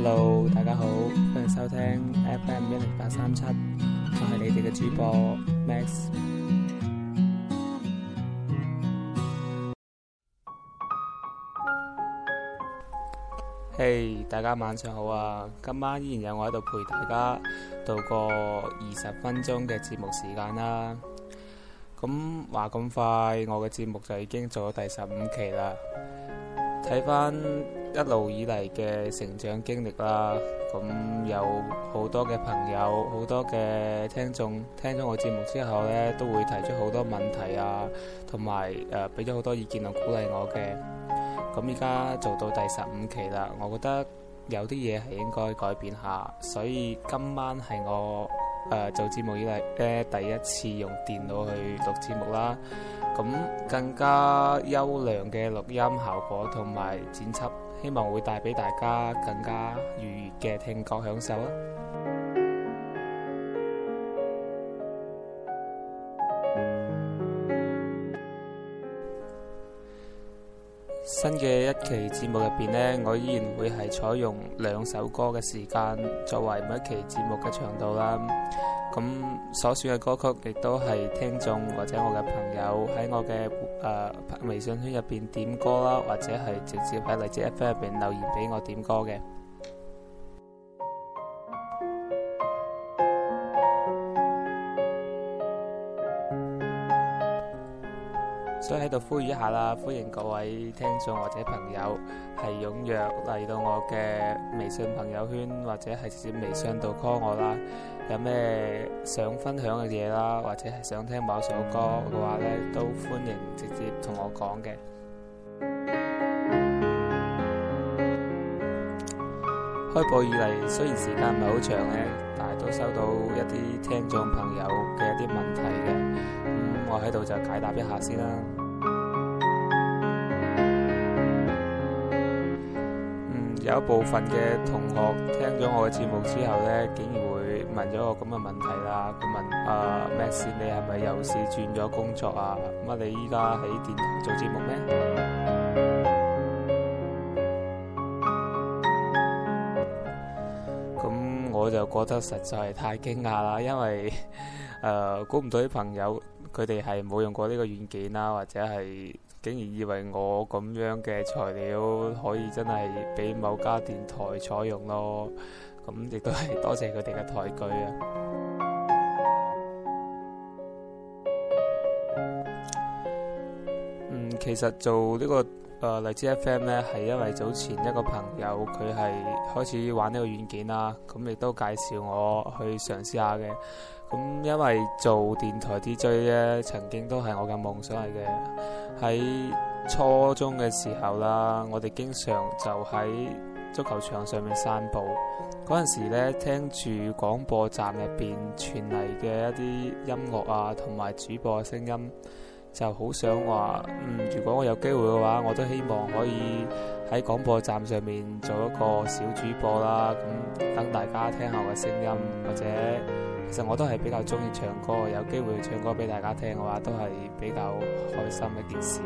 Hello，大家好，歡迎收聽 FM 一零八三七，我係你哋嘅主播 Max。Hey，大家晚上好啊，今晚依然有我喺度陪大家度過二十分鐘嘅節目時間啦。咁話咁快，我嘅節目就已經做咗第十五期啦。睇翻。一路以嚟嘅成長經歷啦，咁有好多嘅朋友，好多嘅聽眾聽咗我節目之後呢，都會提出好多問題啊，同埋誒俾咗好多意見同鼓勵我嘅。咁而家做到第十五期啦，我覺得有啲嘢係應該改變下，所以今晚係我、呃、做節目以嚟呃第一次用電腦去錄節目啦，咁更加優良嘅錄音效果同埋剪輯。希望會帶俾大家更加愉悅嘅聽覺享受啊！新嘅一期節目入邊呢，我依然會係採用兩首歌嘅時間作為每一期節目嘅長度啦。咁所選嘅歌曲亦都係聽眾或者我嘅朋友喺我嘅誒、呃、微信圈入邊點歌啦，或者係直接喺荔枝 FM 入邊留言俾我點歌嘅。都喺度呼籲一下啦，歡迎各位聽眾或者朋友係踴躍嚟到我嘅微信朋友圈，或者係直接微信度 call 我啦。有咩想分享嘅嘢啦，或者係想聽某首歌嘅話呢，都歡迎直接同我講嘅 開播以嚟，雖然時間唔係好長嘅，但係都收到一啲聽眾朋友嘅一啲問題嘅。咁、嗯、我喺度就解答一下先啦。有一部分嘅同學聽咗我嘅節目之後咧，竟然會問咗我咁嘅問題啦。佢問：啊，Max，你係咪又試轉咗工作啊？乜你依家喺電台做節目咩？咁我就覺得實在係太驚訝啦，因為誒估唔到啲朋友佢哋係冇用過呢個軟件啦，或者係。竟然以為我咁樣嘅材料可以真係俾某家電台採用咯，咁亦都係多謝佢哋嘅抬舉啊。嗯，其實做呢個誒荔枝 F M 呢，係因為早前一個朋友佢係開始玩呢個軟件啦，咁亦都介紹我去嘗試下嘅。咁因為做電台 DJ 咧，曾經都係我嘅夢想嚟嘅。喺初中嘅時候啦，我哋經常就喺足球場上面散步。嗰陣時呢，聽住廣播站入邊傳嚟嘅一啲音樂啊，同埋主播嘅聲音，就好想話，嗯，如果我有機會嘅話，我都希望可以喺廣播站上面做一個小主播啦。咁等大家聽下我嘅聲音或者。其實我都係比較中意唱歌，有機會唱歌俾大家聽嘅話，都係比較開心嘅一件事。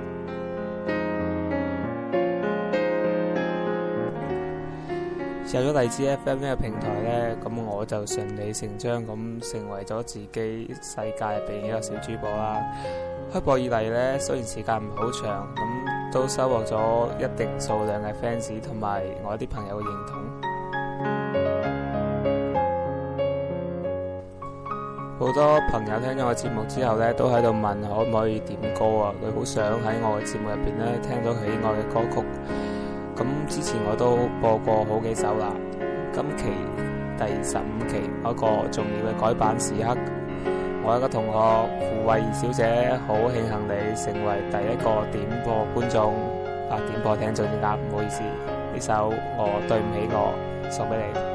有咗荔枝 FM 呢個平台呢，咁我就順理成章咁成為咗自己世界入邊一個小主播啦。開播以嚟呢，雖然時間唔好長，咁都收穫咗一定數量嘅 fans 同埋我啲朋友嘅認同。好多朋友聽咗我節目之後咧，都喺度問可唔可以點歌啊？佢好想喺我嘅節目入邊咧聽到喜愛嘅歌曲。咁之前我都播過好幾首啦。今期第十五期一個重要嘅改版時刻，我一個同學胡慧儀小姐，好慶幸你成為第一個點播觀眾，啊，點播聽眾點解？唔好意思，呢首我對唔起，我送俾你。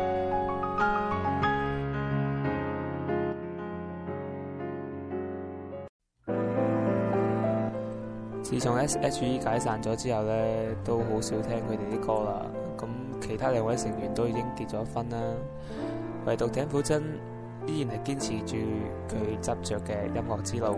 自從 SHE 解散咗之後咧，都好少聽佢哋啲歌啦。咁其他兩位成員都已經結咗婚啦，唯獨田馥甄依然係堅持住佢執着嘅音樂之路。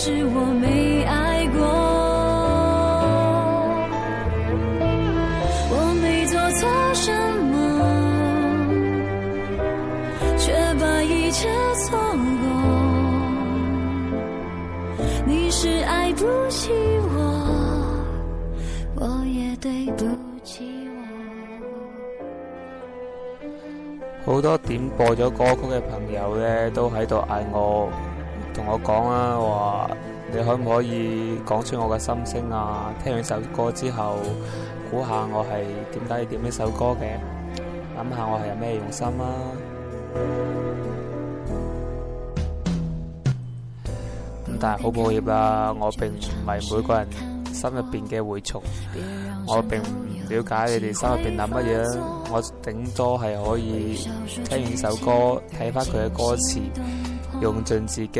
是我沒愛過，我沒做錯什麼，卻把一切錯過。你是愛不起我，我也對不起我。好多點播咗歌曲嘅朋友呢，都喺度嗌我。同我講啊，話你可唔可以講出我嘅心聲啊？聽完首歌之後，估下我係點解要點呢首歌嘅？諗下我係有咩用心啊！但係好抱歉啦，我並唔係每個人心入邊嘅蛔蟲，我並唔了解你哋心入邊諗乜嘢。我頂多係可以聽完首歌，睇翻佢嘅歌詞。用盡自己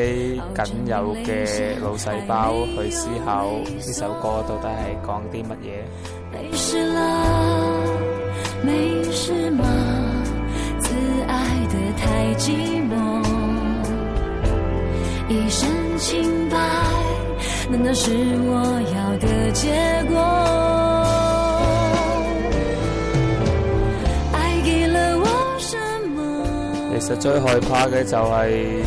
僅有嘅腦細胞去思考呢首歌到底係講啲乜嘢沒事啦沒事嗎自愛得太寂寞一身清白難道是我要的結果其實最害怕嘅就係，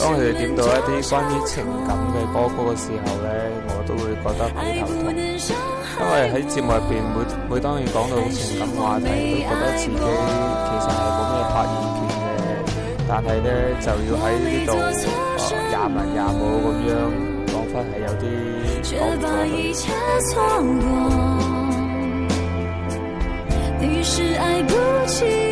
當佢哋點到一啲關於情感嘅歌曲嘅時候咧，我都會覺得幾頭痛。因為喺節目入邊，每每當佢講到情感話題，都覺得自己其實係冇咩發言權嘅。但係咧，就要喺呢度廿文廿武咁樣講翻，係有啲講唔到嘅。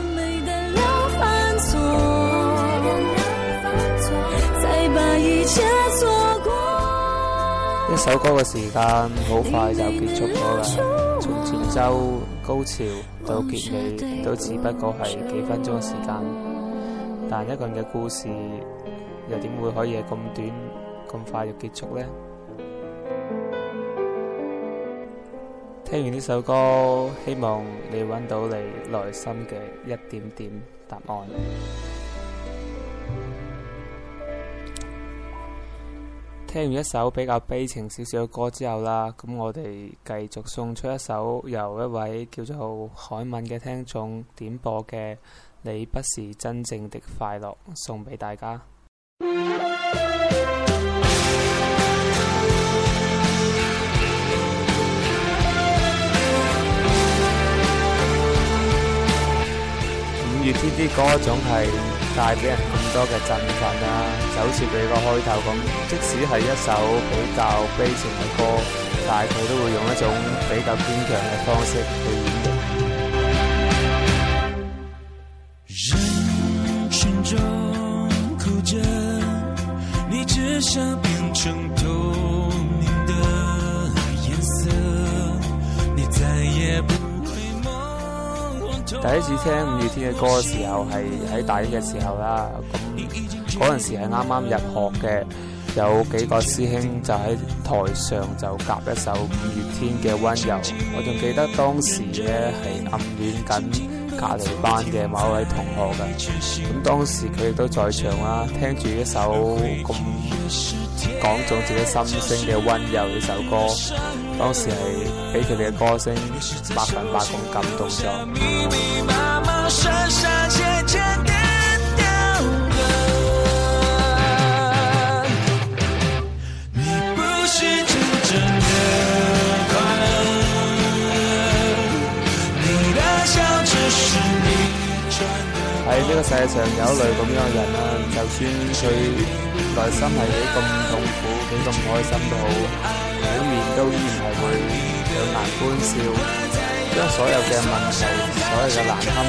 一首歌嘅時間好快就結束咗啦，從前奏高潮到結尾都只不過係幾分鐘嘅時間，但一個人嘅故事又點會可以咁短咁快就結束呢？聽完呢首歌，希望你揾到你內心嘅一點點答案。聽完一首比較悲情少少嘅歌之後啦，咁我哋繼續送出一首由一位叫做海敏嘅聽眾點播嘅《你不是真正的快樂》，送俾大家。五月天啲歌總係。帶俾人咁多嘅振奮啊！就好似佢個開頭咁，即使係一首比較悲情嘅歌，但係佢都會用一種比較堅強嘅方式去演繹。人、嗯、群、嗯、中哭着，你只想變成。第一次聽五月天嘅歌嘅時候係喺大一嘅時候啦，咁嗰陣時係啱啱入學嘅，有幾個師兄就喺台上就夾一首五月天嘅《溫柔》，我仲記得當時呢係暗戀緊隔離班嘅某位同學嘅，咁當時佢哋都在場啦，聽住一首咁講中自己心聲嘅溫柔呢首歌，當時係俾佢哋嘅歌聲百分百咁感動咗。 呢個世界上有類咁樣嘅人啊，就算佢內心係幾咁痛苦，幾咁唔開心都好，表面都依然係會兩眼歡笑，將所有嘅問題、所有嘅難堪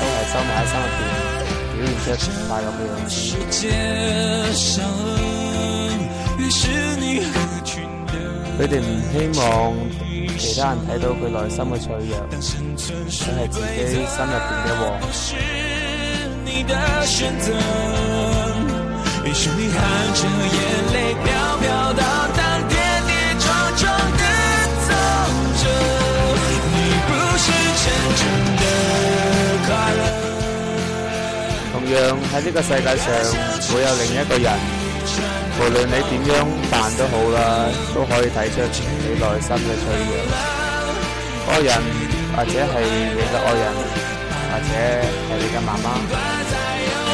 都係收埋喺心入邊，表現出快樂嘅樣子。佢哋唔希望其他人睇到佢內心嘅脆弱，佢係自己心入邊嘅王。同樣，喺呢個世界上會有另一個人，無論你點樣扮都好啦，都可以睇出你內心嘅脆弱。愛人，或者係你嘅愛人，或者係你嘅媽媽。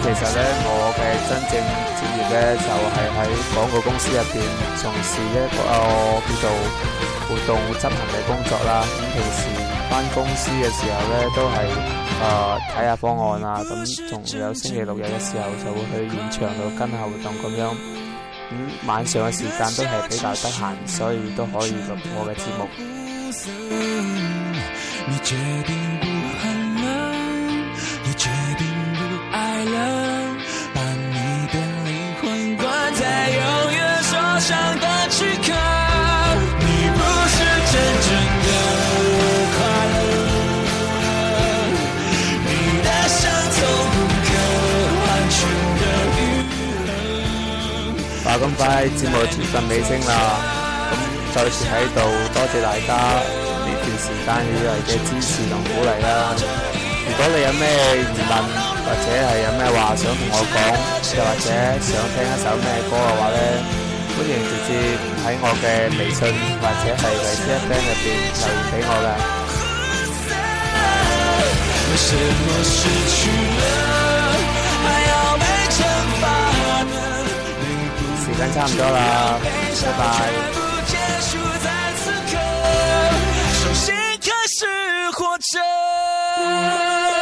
其實呢，我嘅真正職業呢，就係、是、喺廣告公司入邊從事一個、呃、叫做活動執行嘅工作啦。咁平時返公司嘅時候呢，都係誒睇下方案啊。咁、嗯、仲有星期六日嘅時候就會去現場度跟下活動咁樣。咁、嗯、晚上嘅時間都係比較得閒，所以都可以錄我嘅節目。你話咁快，節目接近尾聲啦，咁就住喺度，多謝大家呢段時間以來嘅支持同鼓勵啦。如果，啊，啊啊，你有咩疑問，啊或者係有咩話想同我講，又或者想聽一首咩歌嘅話咧，歡迎直接喺我嘅微信或者係微 B 入邊留言俾我啦。時間差唔多啦，拜拜。